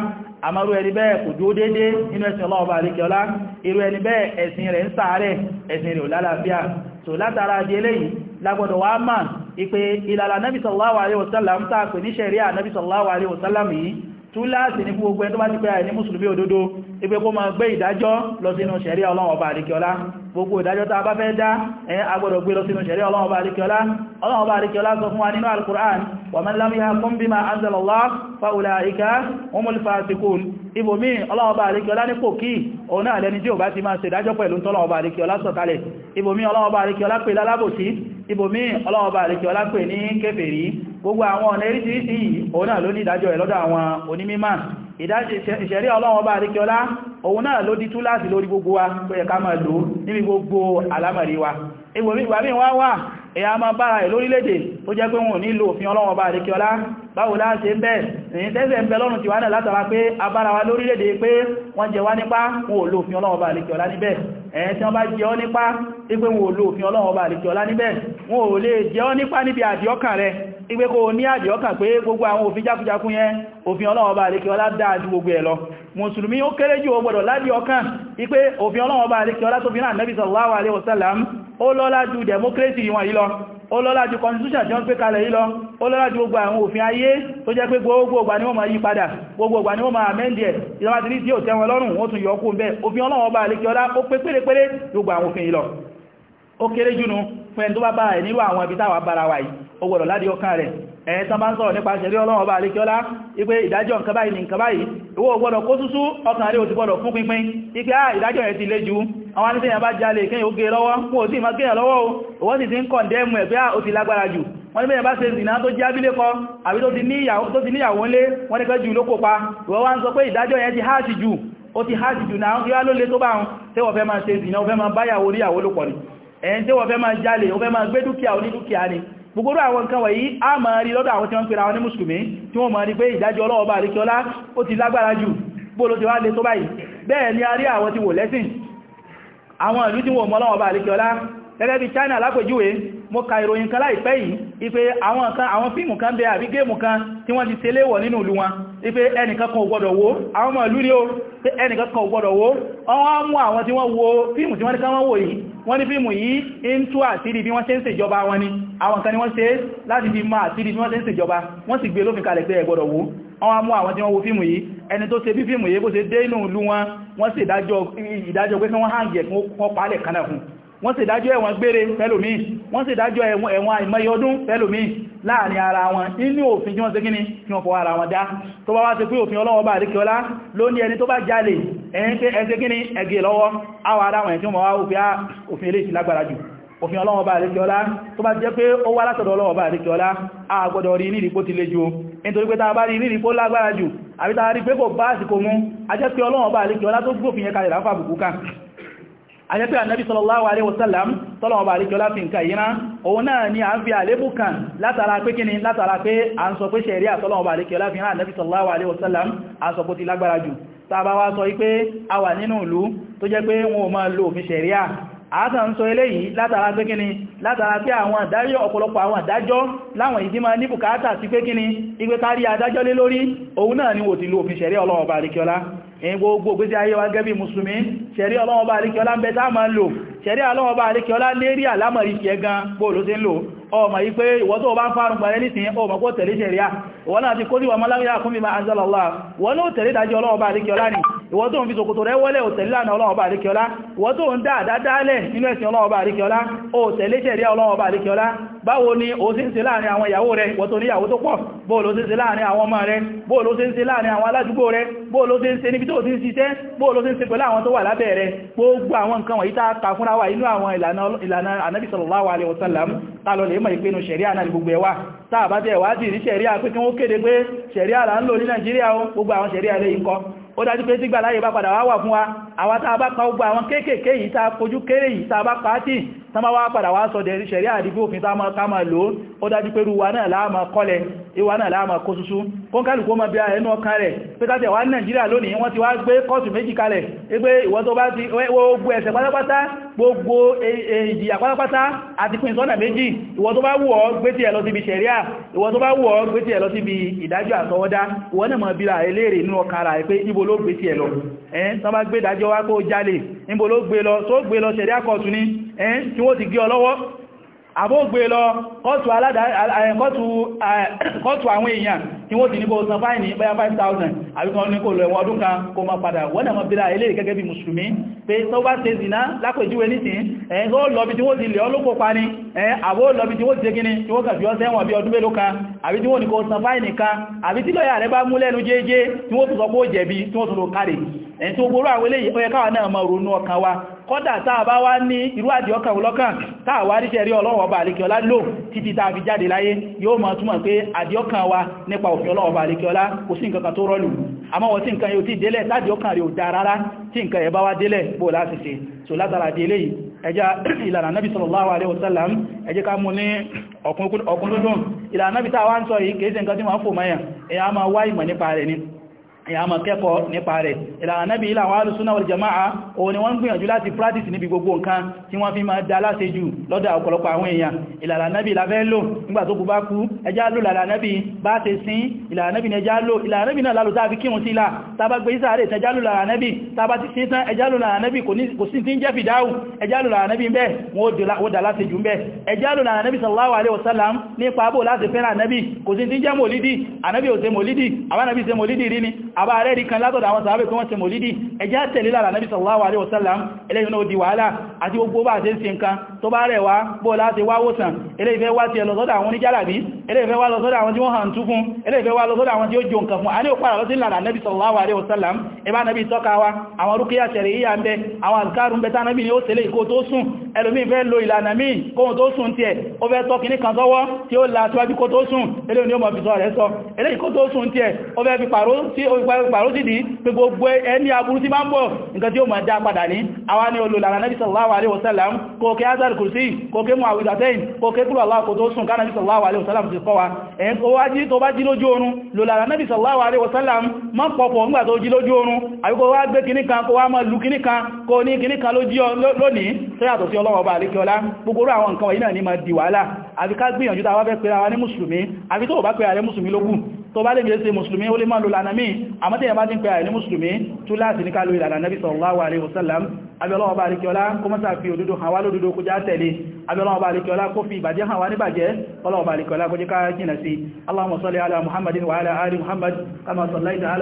àmọ́rú ẹni bẹ́ẹ̀ kò dúó dédé nínú ẹ̀sìn ọlọ́ọ̀bá àríkẹ́ọlá irú ẹni bẹ́ẹ̀ ẹ̀sìn rẹ̀ ń ṣàárẹ̀ ẹ̀sìn rẹ̀ lálàáfíà so látara di eléyìí lágbọ́dọ̀ wá mà ìpé ìlànà nabi sallallahu alaihi wasallam ní nabi sallallahu wasallam yìí túláàsì ní gbogbo ẹni tó bá ti pẹ́ àìní mùsùlùmí òdodo ipé kó máa gbé ìdájọ́ lọ sínú ṣẹ̀rí ọlọ́run ọba àríkíọlá gbogbo ìdájọ́ tá a bá fẹ́ dá ẹ a gbọ́dọ̀ gbé lọ sínú ṣẹ̀rí ọlọ́run ọba àríkíọlá ọlọ́run ọba àríkíọlá sọ fún wa nínú al-Qur'an wa man lam yahkum bima anzala Allah fa ulaika humul fasiqun ibòmí ọlọ́run ọba àríkíọlá ní kò kí òun náà lẹni tí ò bá ti máa ṣèdájọ́ pẹ̀lú tọ́lọ́run ọba àríkíọlá sọ̀kalẹ̀ ibòmí ọlọ́run ọba àríkíọlá pè ní kèfèrí gbogbo àwọn ọ̀nà eríṣiríṣi yìí òun náà ló ní ìdájọ́ ẹ̀ lọ́dọ̀ àwọn onímímà ìṣẹ̀rí ọlọ́run ọba àríkẹ́ọlá òun náà ló di tú láti lórí gbogbo wa tó yẹ ká máa lò níbi gbogbo àlámọ̀rí wa ìgbà míì wá wà èyà máa bára ẹ̀ lórílẹ̀-èdè tó jẹ́ pé wọn ò nílò òfin ọlọ́run ọba àríkẹ́ọlá báwo láti ẹ̀yẹn tí wọ́n bá jẹ ọ́ nípa ipé wọn ò lò òfin ọlọ́run ọba àlèkè ọlá níbẹ̀ wọn ò lè jẹ ọ́ nípa níbi àdíọ́kàn rẹ ipé kó ní àdíọ́kàn pé gbogbo àwọn òfin jákújákú yẹn òfin ọlọ́run ọba àlèkè ọlá dáa ju gbogbo ẹ̀ lọ alaihi wasallam ó democracy wọn yìí ó lọ́lá ju constitution tí wọ́n gbé kalẹ̀ yìí lọ ó lọ́lá ju gbogbo àwọn òfin ayé tó jẹ́ pé gbogbo ìgbà ni wọ́n máa yí padà gbogbo ìgbà ni wọ́n máa amend ẹ̀ ti ní tí ò tẹ́wọn lọ́rùn ó tún yọ kó bẹ́ òfin ọlọ́wọ́ bá àlékí ọlá ó pé pérépéré gbogbo àwọn òfin yìí lọ ó kéré jùnú fún ẹni tó bá bára ẹ̀ nírú àwọn ibi táwà bára wà yìí ó gbọ́dọ̀ láti ọkàn rẹ̀ ẹ̀yẹn tán bá ń sọ̀rọ̀ nípa ṣẹ̀rí ọlọ́run ọba àríkíọ́lá ipé ìdájọ́ nǹkan báyìí ní nǹkan báyìí ìwọ ò gbọ́dọ̀ kó súsú ọkàn rẹ̀ ò ti gbọ́dọ̀ fún pínpín ipé á ah, ìdájọ́ rẹ̀ ti le jù àwọn anítẹ̀yàn bá jalè kéyàn ó gé e lọ́wọ́ fún òsì ìmọ̀ kéyàn lọ́wọ́ o ìwọ́n sì ti ń kọ̀ndẹ́mù ẹ̀ pé á ah, ó ti lágbára jù wọ́n ní bẹ́yàn bá ṣe ìsìnà tó jẹ́ abílékọ àbí tó ti níyàwó ńlé wọ́n ní kẹ́ jù ló kópa ìwọ́n wá ń sọ pé ìdájọ́ yẹn ti háàṣì jù ó ti háàṣì jù náà kí ló lé tó bá ń tẹ́wọ̀ fẹ́ máa ṣe ìsìnà fẹ́ máa báyàwó níyàwó lòpọ̀ ni ẹ̀yìn tí wọ́n fẹ́ máa jalè wọ́n fẹ́ máa gbé dúkìá onídúkìá ni gbogbo àwọn nǹkan wọ̀nyí a máa rí lọ́dọ̀ àwọn tí wọ́n ń pera wọn ní mùsùlùmí tí wọ́n máa rí pé ìdájọ́ ọlọ́ọ̀bá àríkíọlá ó ti lágbára jù bóòlò ti wá lè tó báyìí bẹ́ẹ̀ ni a rí àwọn tí wò lẹ́sìn àwọn ìlú tí wọ́n mọ́ ọlọ́ọ̀bá àríkíọlá gẹ́gẹ́ bí China lápèjúwe mo ka ìròyìn kan láìpẹ́ yìí ipe àwọn kan àwọn fíìmù kan bẹ àbí géèmù kan tí wọ́n ti ṣe léèwọ̀ nínú ìlú wọn ipe ẹnìkan kan ò gbọdọ̀ wo àwọn ọmọ ìlú ni ó pé ẹnìkan kan gbọ́dọ̀ wo ọmọ àwọn tí wọ́n wo fíìmù tí wọ́n ní káwọn wò yìí wọ́n ní fíìmù yìí ń tú àṣírí bí wọ́n ṣe ń ṣèjọba wọn ni àwọn kan ni wọ́n ṣe láti fi máa àṣírí bí wọ́n ṣe ń ṣèjọba wọ́n sì gbé lófin kalẹ̀ pé ẹ gbọ́dọ̀ wo mú àwọn tí wọ́n wo fíìmù yìí ẹni tó ṣe bí fíìmù yìí bó ṣe dé inú ìlú wọn wọ́n sì ìdájọ́ pé kí wọ́n hàngẹ̀ fún ọpàálẹ̀ kanáà fún wọ́n sì dájọ́ ẹ̀wọ̀n gbére fẹ́lòmí wọ́n sì dájọ́ ẹ̀wọ̀n àìmọye ọdún fẹ́lòmí láàrin ara wọn inú òfin tí wọ́n ṣe kíní kí wọ́n fọ́ ara wọn dá tó bá wá ṣe pé òfin ọlọ́wọ́ bá àríkẹ́ọlá ló ní ẹni tó bá jalè ẹ̀ṣẹ́ kíní ẹgbẹ̀ e lọ́wọ́ àwọn ará wọn tí wọ́n wá ah, òfin ilé ìsìlágbára jù òfin ọlọ́wọ́ bá àríkẹ́ọlá tó bá jẹ́ pé ó wá látọ̀dọ̀ ọlọ́wọ́ bá àríkẹ́ọlá àgbọ́dọ̀ rí ní ìdíkó ti le jù nítorí àjẹ́pẹ́ ànábì sallallahu alaihi wasallam tọ́lọ̀ ọba àríkọlá fi nǹkan ìyíná òun náà ni a ń fi àlébù kan látara pé kíni látara pé a ń sọ pé ṣẹ̀rí àtọ́lọ̀ ọba àríkọlá fi rán ànábì sallallahu alaihi wasallam a sọ pé ti lágbára jù tàbá wá sọ wípé a wà nínú ìlú tó jẹ́ pé wọn ò máa lo òfin ṣẹ̀ríà àátà ń sọ eléyìí látara pé kíni látara pé àwọn àdáyọ̀ ọ̀pọ̀lọpọ̀ àwọn àdájọ́ láwọn ìdímọ̀ ní ẹ̀yìn gbogbo gbésí ayé wa gẹ́bí musulmi ṣẹ̀rí ọlọ́wọ́ bá àríkẹ́ ọlá ń bẹ táà máa ń lò ṣẹ̀rí ọlọ́wọ́ bá àríkẹ́ ọlá lérí àlámọ̀rí kí ẹ gan bóòlù sí ń lò ọmọ yí pé ìwọ tó bá ń fárún gbàrẹ nìsìn ọmọ kó tẹ̀lé ṣẹ̀ríà ìwọ náà ti kó ní wàmọ́ láwíyà kún mímọ̀ ni ìwọ tó ń fi ṣòkòtò rẹ wọ́lẹ̀ ò tẹ̀lé lánàá ọlọ́wọ́ bá àríkẹ́ ọlá ìwọ tó ń dáadáa dálẹ̀ nínú ẹ̀sìn ọlọ́wọ́ bá àríkẹ́ ọlá ò tẹ̀lé ṣẹ̀ríà ọlọ́wọ́ báwo ni o ṣe ń ṣe láàrin àwọn ìyàwó rẹ ìwọ tó níyàwó tó pọ̀ bóò ló ṣe ń ṣe láàrin àwọn ọmọ rẹ bóò ló ṣe ń ṣe láàrin àwọn aládùúgbò rẹ bóò ló ṣe ń ṣe níbi tó ti ń ṣiṣẹ́ bóò ló ṣe ń ṣe pẹ̀lú àwọn tó wà lábẹ́ rẹ gbogbo àwọn nǹkan wọ̀nyí tá fúnra wa inú àwọn ìlànà ànábì ta lọ lè mọ̀ ìpinnu ṣẹ̀ríà náà gbogbo ẹwà tá àbájẹ́ ìwádìí ní ṣẹ̀ríà pé kí wọ́n kéde ó dájú pé tí gbàláyé bá padà wá fún wa àwa tá a bá pa ogbà àwọn kéékèèké yìí tá a fojú kéré yìí tá a bá pàátì tán bá wá padà wá sọ dẹ̀rí ṣẹ̀rí àdígbò òfin tá máa ká máa lò ó dájú pé ruwa náà láàmà kọlẹ̀ ìwà náà láàmà kó susu kó ma bí ẹnu ọkàn rẹ̀ pé káṣẹ̀ wá Nàìjíríà lónìí wọ́n ti wá gbé kọ́ọ̀tù méjì kalẹ̀ pé ìwọ́n tó bá ti gbogbo ẹ̀ṣẹ̀ pátápátá gbogbo èjì àpátápátá àti pín sọ́nà méjì ìwọ tó bá wù ọ́ gbé tí ẹ lọ síbi ṣẹ̀ríà ìwọ tó bá wù ọ́ gbé tí ẹ lọ síbi ìdájọ́ àtọwọ́dá ìwọ náà mọ̀ bíra eléèrè nínú ọkà ara pé ibo ló gbé tí ẹ lọ ẹ́n tán bá gbé ìdájọ́ wá kó jálè níbo ló gbé lọ tó gbé lọ ṣẹ̀ríà kọ̀ọ̀tún ní ẹ́n tí wọ́n ti gé ọ lọ́wọ́ àbógbé lọ kọ́tù àwọn èèyàn tí wọ́n ti ní kó san fáìní báyá 5,000 àbíkan ní kò lọ ẹ̀wọ̀n ọdún kan kó ma padà wọ́n náà bíra ilé gẹ́gẹ́ bí mùsùlùmí pé tó bá ṣe zìná lápèjúwe nìsìn ẹ̀yìn tó lọ bí tí wọ́n ti lè ọlọ́pọ̀ pa ní àbó lọ bí tí wọ́n ti ṣe gíní tí wọ́n kà fi ọ́ sẹ́wọ̀n bí ọdún mélòó kan àbí tí wọ́n ní kó san fáìní kan àbí tí lọ́yà rẹ bá mú lẹ́nu jẹ́ẹ́jẹ́ tí wọ́n tún sọ pé ó jẹ̀bi tí wọ́n tún lọ kárẹ̀ ẹ̀yìn tó àwọn eléyìí ó náà máa ronú ọkàn wa kọ́dà táà bá wá ní irú àdíọ́kàn olọ́kàn táà wá ríṣẹ́ rí ọlọ́run ọba àríkẹ́ọlá lò títí táà fi jáde láyé yóò máa túmọ̀ pé àdíọ́kàn wa nípa òfin ọlọ́run ọba àríkẹ́ọlá kò sí nǹkan kan tó rọ́lù àmọ́ wọ́n tí nǹkan yóò ti délẹ̀ tádìọ́kàn rí ò dáa rárá tí nǹkan alaihi wasallam ẹjẹ́ ká mú ní ọkùnlódún ìlànà nábi tàà wá ń sọ yìí kèése nǹkan tí wọ́n ìyàmọ̀ kẹ́kọ̀ọ́ nípa rẹ̀ ila náàbí ìlànà àwọn alùsúnà wal jama'a òun ni wọ́n ń gbìyànjú láti practice níbi gbogbo nǹkan tí wọ́n fi máa dá láṣẹ jù lọ́dọ̀ ọ̀pọ̀lọpọ̀ àwọn èèyàn ìlànà náàbí ìlàfẹ́ lò nígbà tó kú bá kú ẹjá lò ìlànà náàbí bá ṣe sin ìlànà náàbí ẹjá lò ìlànà náàbí náà lálò tàbí kírun sí ilá tàbá gbé ìsàárè ẹjá lò ìlànà náàbí tàbá ti sin tán ẹjá lò ìlànà náàbí kò sí tí ń jẹ́ fìdáhù ẹjá lò ìlànà náàbí bẹ́ẹ̀ wọ́n dà láti jù bẹ́ẹ̀ ẹjá lò ìlànà náàbí sallallahu alaihi wasallam nípa bó láti fẹ́ràn náàbí kò sí tí ń jẹ́ mòlídì ànábì ò ṣe mòlídì àwọn ànábì ṣe mòlídì rí ni àbá rẹ̀ rí kan látọ̀dọ̀ àwọn sàábẹ̀ tó wọ́n ṣe mòlídì ẹjá tẹ̀lé lára náà sallallahu alaihi wasallam eléyìn náà di wàhálà àti gbogbo bá àti ṣe nǹkan tó bá rẹ̀ wá bó láti wá wòsàn eléyìn fẹ́ wá ti lọ sọ́dọ̀ àwọn oníjálàbí eléyìn fẹ́ wá lọ sọ́dọ̀ àwọn tí wọ́n hàn tú fún eléyìn fẹ́ alaihi wasallam ẹbá náà bí wa àwọn rúkíyà ṣẹ̀rẹ̀ yíya ń bẹ àwọn àzkárùn ni ó tẹ́lẹ̀ ìkó tó sùn ẹlòmí fẹ́ lo ìlànà míì kóhun tó sùn tí ẹ̀ la tíwájú kó tó sùn eléyìn ni ó mọ̀ fi sọ rẹ̀ sọ eléyìn kó pàrójìdí pé gbogbo ẹni aburú tí máa ń bọ̀ nǹkan tí ó mọ̀ dá padà ní àwọn ni olùlànà Nabi sallallahu alaihi wasallam kò kí azar kùrsí kò kí mọ̀ àwùjátẹ́yìn kò kí kúrò aláàkò Nabi sallallahu alaihi wasallam ti kọ́ wa ẹ̀yìn kó wá Nabi sallallahu alaihi wasallam mọ́ pọ̀pọ̀ ńgbà tó jí lójú oorun àbíkó wá gbé kíní kan kó wá mọ́ lu kíní kan kó ní kíní kan lónìí tó yàtọ̀ sí ọlọ́wọ́ bá àríkíọlá gbogbo àwọn nǹkan wọ̀nyí náà ní ma di wàhálà àbíká gbìyànjú tàwà fẹ́ pẹ́ra wa ní mùsùlùmí àbí tó bá pẹ́ra rẹ mùsùlùmí lókù tó bá lè jẹ́ sí musulmi ó lè máa lò lànà míì àmọ́tẹ̀ yàmá ti ń pẹ àìní musulmi tó láti ní ká lò ìlànà nabi sallallahu alaihi wasallam abẹ́lọ́wọ́ bá rí kí ọlá kó mọ́sá fi òdúdó hàn wá lódúdó kó já tẹ̀lé abẹ́lọ́wọ́ bá rí kí ọlá kó fi ìbàjẹ́ hàn wá níbàjẹ́ ọlọ́wọ́ bá rí kí ọlá kó jẹ́ ká jìnà sí allahumma salli ala muhammadin wa ala ali muhammad kama sallaita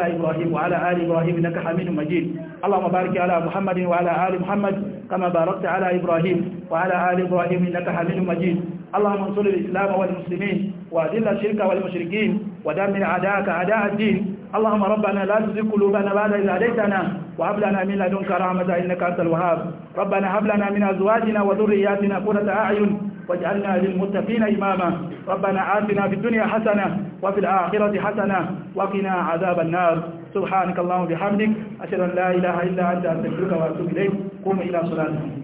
ala ibrahim wa اللهم انصر الإسلام والمسلمين وأذل الشرك والمشركين ودمر عداك أداء الدين اللهم ربنا لا تزغ قلوبنا بعد إذ هديتنا وهب لنا من لدنك رحمة إنك أنت الوهاب ربنا هب لنا من أزواجنا وذرياتنا قرة أعين واجعلنا للمتقين إماما ربنا آتنا في الدنيا حسنة وفي الآخرة حسنة وقنا عذاب النار سبحانك اللهم وبحمدك أشهد أن لا إله إلا أنت أستغفرك وأتوب إليك قوم إلى صلاتكم